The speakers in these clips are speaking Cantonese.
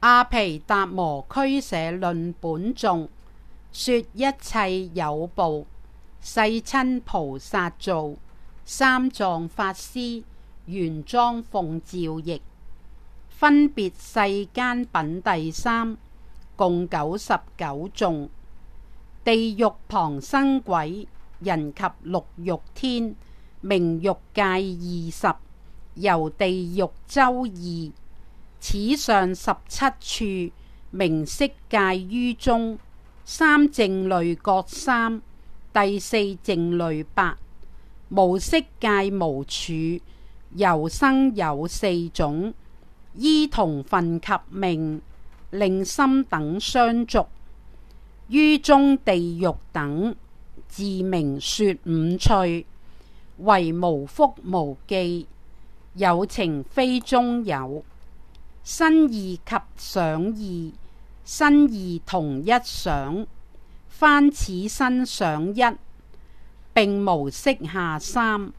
阿毗達摩俱舍論本頌，說一切有部，世親菩薩造，三藏法師玄奘奉詔譯。分別世間品第三，共九十九頌。地獄旁生鬼，人及六欲天，名欲界二十。由地獄洲異。此上十七處名色界於中三靜慮各三，第四靜慮八無色界無處，由生有四種依同分及命令心等相續於中地獄等自名說五趣唯無覆無記有情非中有。身異及想異，身異同一想，翻此身想一，并無色下三，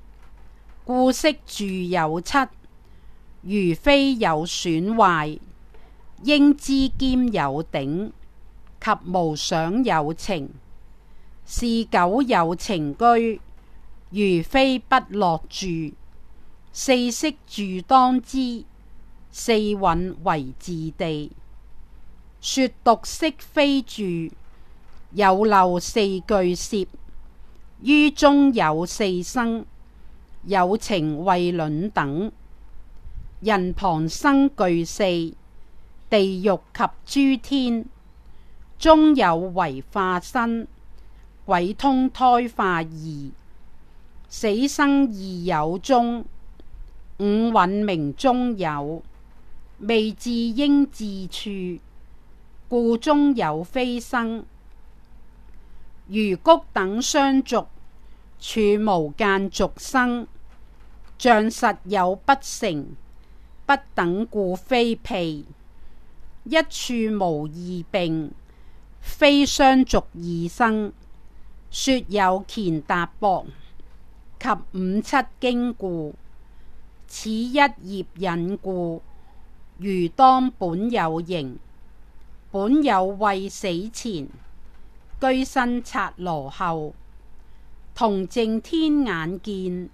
故識住有七。餘非有損壞，應知兼有頂及無想有情，是九有情居。餘非不樂住，四識住當知。四蘊唯自地，說獨識非住，有漏四句攝，於中有四生，有情謂卵等。人傍生具四，地獄及諸天，中有唯化生，鬼通胎化二，死生二有中，五蘊名中有。未至應至處，故中有非生，如穀等相續處，無間續生，像實有不成，不等故非譬，一處無二並，非相續二生，說有健達縛及五七經故，此一業引故。如當本有形，本有謂死前，居生剎那後，同淨天眼見，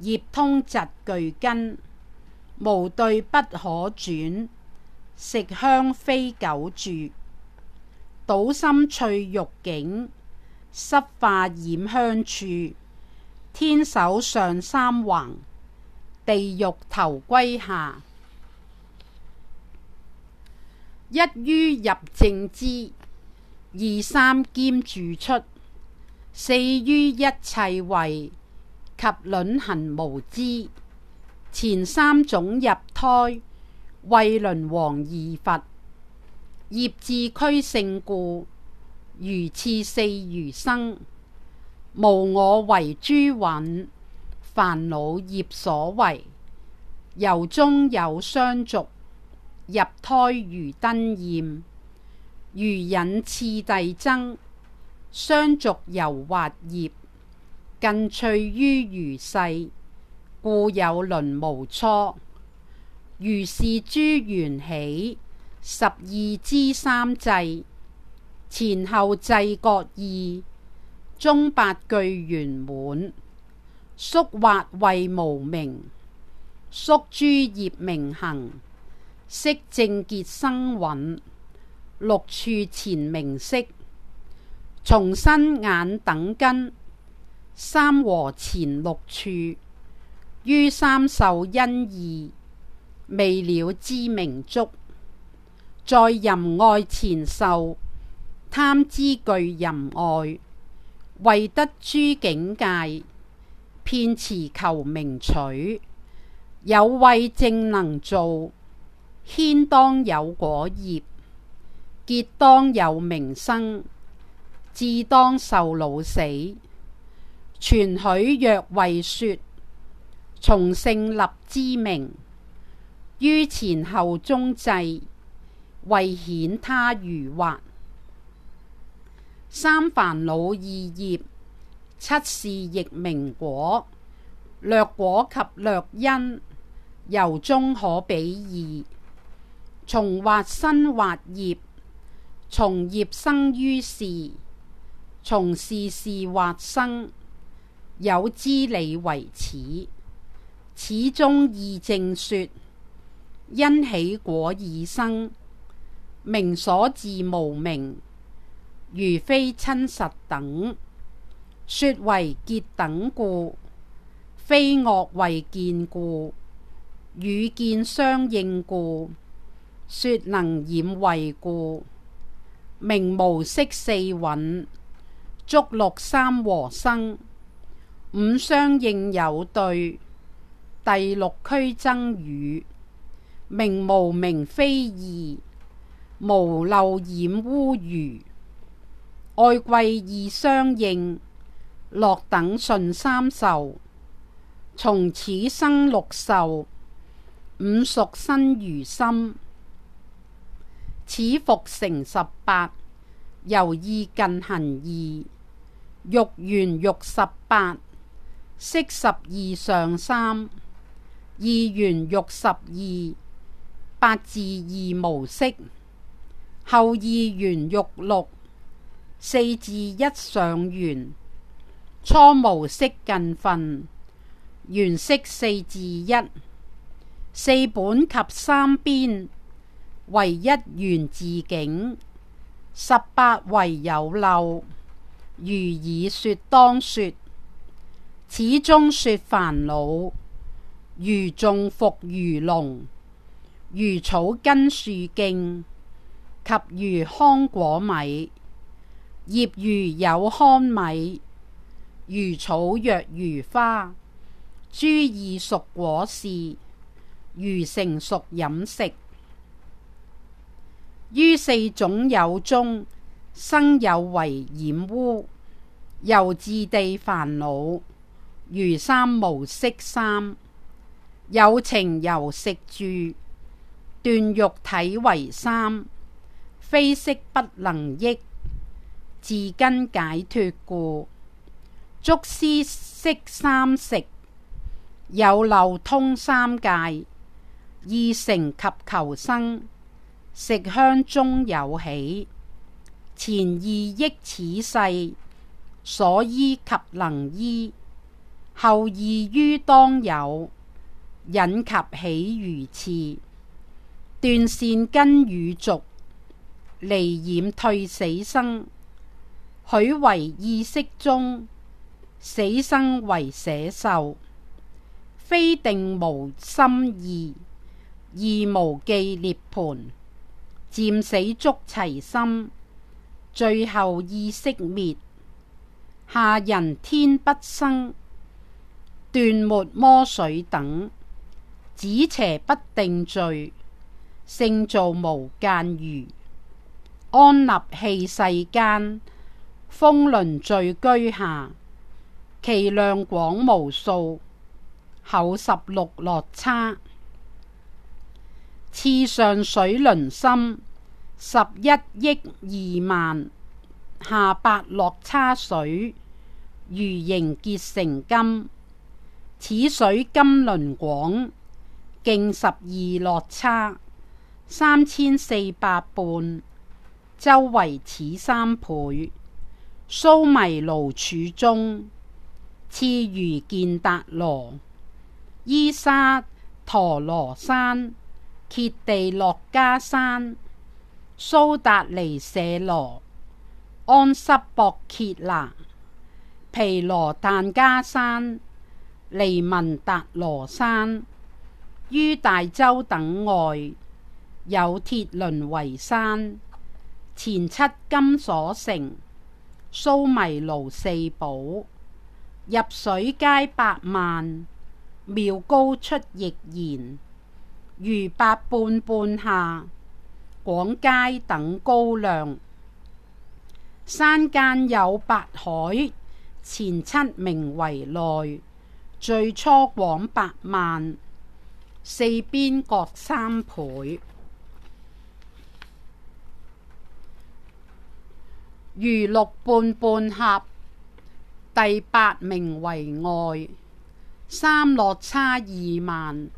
業通疾具根，無對不可轉。食香非久住，倒心趣欲境，濕化染香處，天首上三橫，地獄頭歸下。一於入正知，二三兼住出，四於一切位及卵恒無知。前三種入胎，謂輪王二佛，業智俱勝故，如次四餘生，無我唯諸蘊，煩惱業所為，由中有相續。入胎如燈焰，如引次第增，相續由惑業，更趣於餘世，故有輪無初。如是諸緣起，十二支三際，前後際各二，中八據圓滿，宿惑位無明，宿諸業名行。識正結生蘊，六處前名色，從生眼等根，三和前六處，於三受因異，未了知名觸，在淫愛前受，貪資具淫愛，為得諸境界，遍馳求名取，有謂正能造。牽當有果業，結當有名生，至當受老死。傳許約位說，從勝立支名，於前後中際，為遣他愚惑。三煩惱二業，七事亦名果。略果及略因，由中可比二。從惑生惑業，從業生於事，從事事惑生，有支理唯此。此中意正說，因起果已生，明所治無明，如非親實等，說為結等故，非惡慧見故，與見相應故。說能染慧故，名無色四蘊，觸六三和生，五相應有對，第六俱增語，明無明非二，無漏染污餘，愛恚二相應，樂等順三受，從此生六受，五屬身餘心。始此復成十八，由意近行異，欲緣欲十八，色十二上三，二緣欲十二，八自二無色，後二緣欲六,六，四自一上緣，初無色近分，緣色四自一，四本及三邊。唯一緣自境，十八唯有漏。餘已說當說，此中說煩惱。如種復如龍，如草根樹莖及如糠裹米，業如有糠米，如草藥如花，諸異熟果事，如成熟飲食。於四種有中生有唯染污，由自地煩惱餘三無色三有情，由食住段欲體唯三非色不能益，自根解脫故觸思識三食有漏通三界意成及求生。食香中有起，前二益此世所依及能依，後二於當有引及起如次斷善根與續離染退死生，許唯意識中死生唯捨受非定無心二，二無記涅槃。漸死足齊心，最後意識滅，下人天不生，斷末摩水等，止邪不定聚，聖造無間餘，安立器世間，風輪最居下，其量廣無數，厚十六洛叉。次上水輪深，十一億二萬，下八洛叉水，餘凝結成金，此水金輪廣，徑十二洛叉，三千四百半，周圍此三倍，蘇迷盧處中，次踰健達羅，伊沙馱羅山。朅地洛迦山、蘇達梨舍那、頞濕縛羯拏、毘那怛迦山、尼民達羅山、於大洲等外，有鐵輪圍山、前七金所成、蘇迷盧四寶、入水皆八萬、妙高出亦然。餘八半半下廣皆等高量，山間有八海，前七名為內，最初廣八萬，四邊各三倍。餘六半半陿，第八名為外，三洛叉二萬。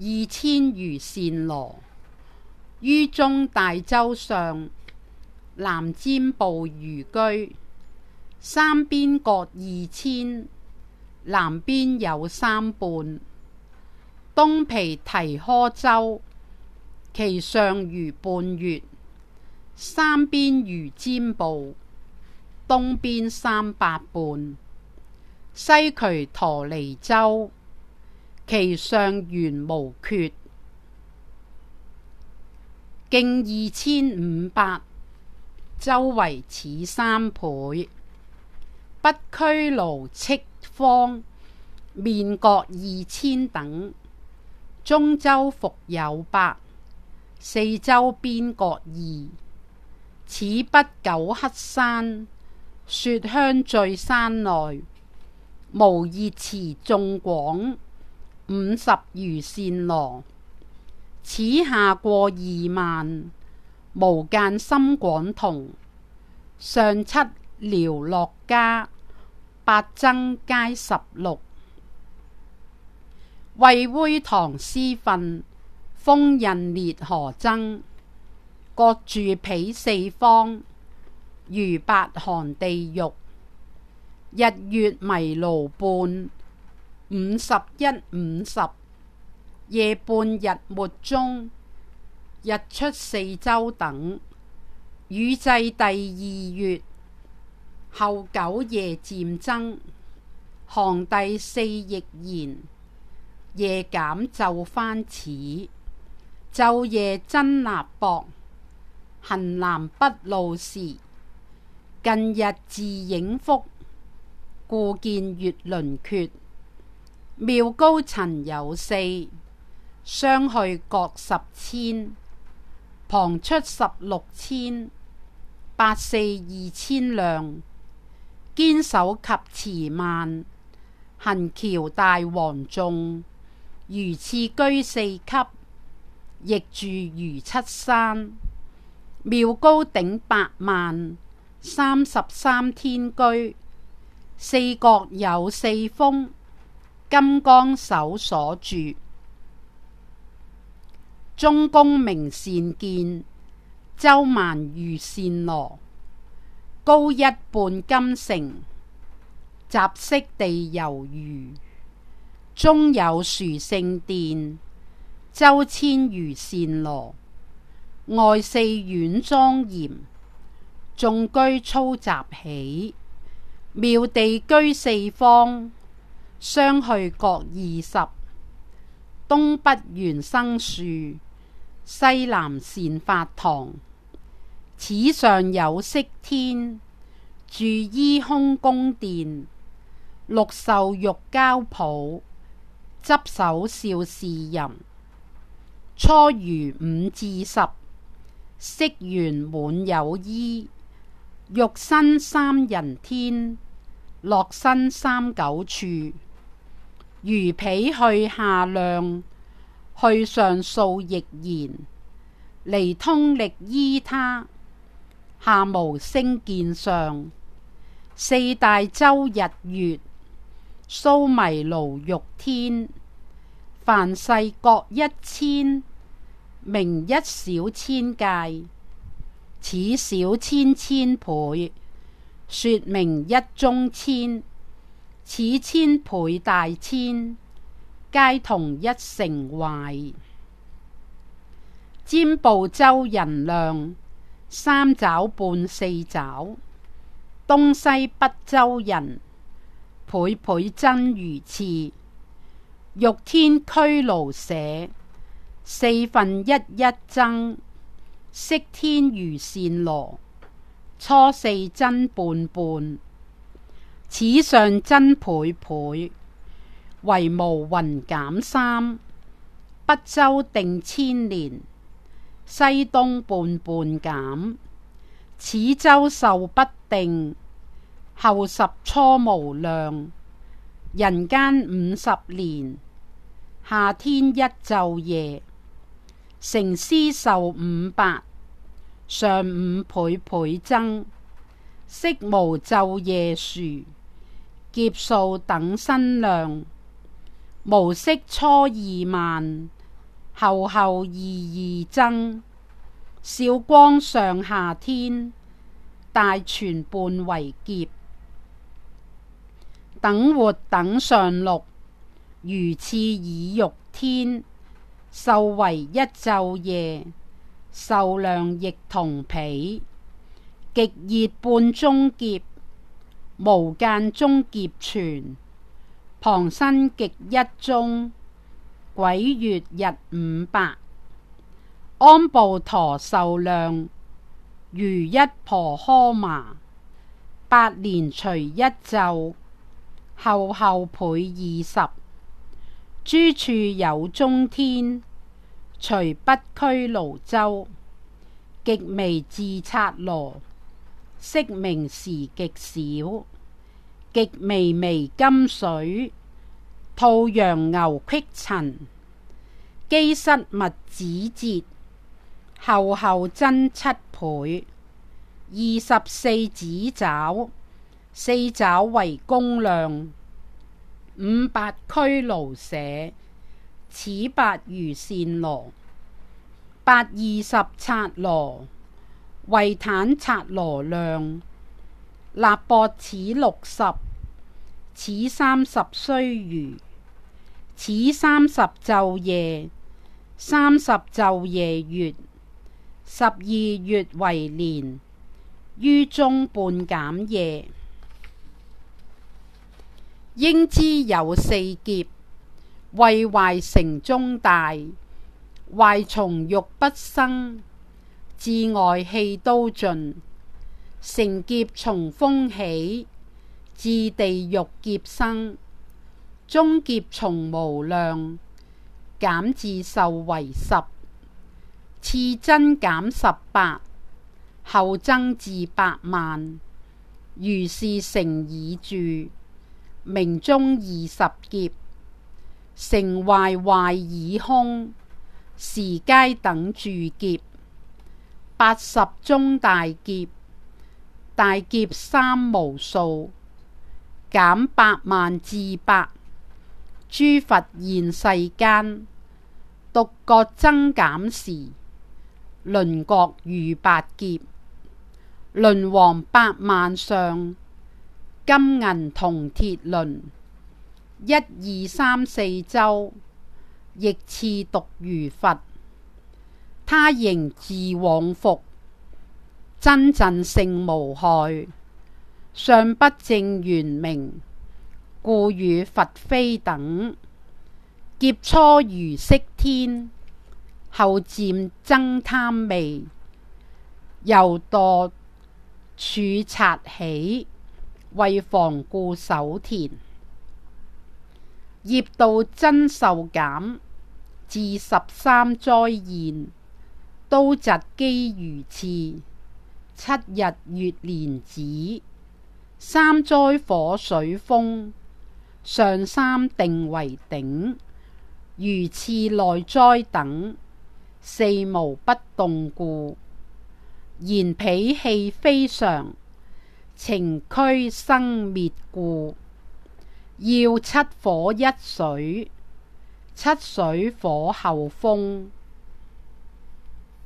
二千踰繕那，於中大洲相，南贍部如車，三邊各二千，南邊有三半。東毘提訶洲，其相如半月，三邊如贍部，東邊三百半。西瞿陀尼洲。其上圓無缺，徑二千五百，周圍此三倍。北俱盧畟方，面各二千等。中洲復有八，四洲邊各二。此北九黑山，雪香醉山內，無熱池縱廣。五十踰繕那，此下過二萬，無間深廣同。上七捺落迦，八增皆十六。謂煻煨屍糞，鋒刃烈河增，各住彼四方，餘八寒地獄，日月迷盧半。五十一五十，夜半日沒中，日出四洲等。雨際第二月，後九夜漸增寒，第四亦然。夜減晝翻此，晝夜增臘縛。行南北路時，近日自影覆，故見月輪缺。妙高層有四，相去各十千，傍出十六千，八四二千量，堅手及持鬘，恒憍大王眾，如次居四級，亦住餘七山，妙高頂八萬，三十三天居，四角有四峰。金剛手所住，中宮名善見，周萬踰繕那，高一半金城，雜飾地柔濡，中有殊勝殿，周千踰繕那，外四苑莊嚴，眾車麁雜喜，妙地居四方。相去各二十，東北圓生樹，西南善法堂。此上有色天，住依空宮殿，六受欲交抱，執手笑視淫。初如五至十，色圓滿有衣，欲生三人天，樂生三九處。如彼去下量，去上數亦然。離通力依他，下無升見上。四大洲日月，蘇迷盧欲天。梵世各一千，名一小千界。此小千千倍，說名一中千。此千倍大千，皆同一成壞。贍部洲人量，三肘半四肘，東西北洲人倍倍增如次。欲天俱盧舍，四分一一增。色天踰繕那，初四增半半。此上增倍倍，唯無雲減三；北洲定千年，西東半半減。此洲壽不定，後十初無量。人間五十年，下天一晝夜。乘斯壽五百，上五倍倍增，色無晝夜殊。劫數等身量，無色初二萬，後後二二增，少光上下天，大全半為劫，等活等上六，如次以欲天，壽為一晝夜，壽量亦同彼，極熱半中劫。無間中劫全，傍生極一宗，鬼月日五百，安布陀壽量，如一婆訶麻，百年隨一咒，後後倍二十，諸處有中天，除北俱盧洲，極微自察羅。色明時極少，極微微金水，兔羊牛屈塵，機失物指節，後後真七倍，二十四趾爪，四爪為公量，五百區盧舍，此八如線羅，八二十七羅。為怛剎那量，臘縛此六十，此三十須臾，此三十晝夜，三十晝夜月，十二月為年，於中半減夜。應知有四劫，為壞成中大，壞從獄不生。至外器都盡，成劫從風起，至地獄劫生，中劫從無量減至壽唯十，次增減十八，後增至八萬，如是成已住，名中二十劫，成壞壞已空，時皆等住劫。八十中大劫，大劫三無數，減八萬至百，諸佛現世間，獨覺增減時，麟角喻百劫，輪王八萬上，金銀銅鐵輪，一二三四洲，逆次獨如佛。他仍自往復，真陣性無害，尚不正圓明，故與佛非等。劫初如色天，後漸增貪味，又墮處察起，為防故守田，業道真壽減，至十三災現。刀疾饑如次，七日月年終，三災火水風，上三定為頂，如次內災等，四無不動故，然彼器非常，情俱生滅故，要七火一水，七水火後風。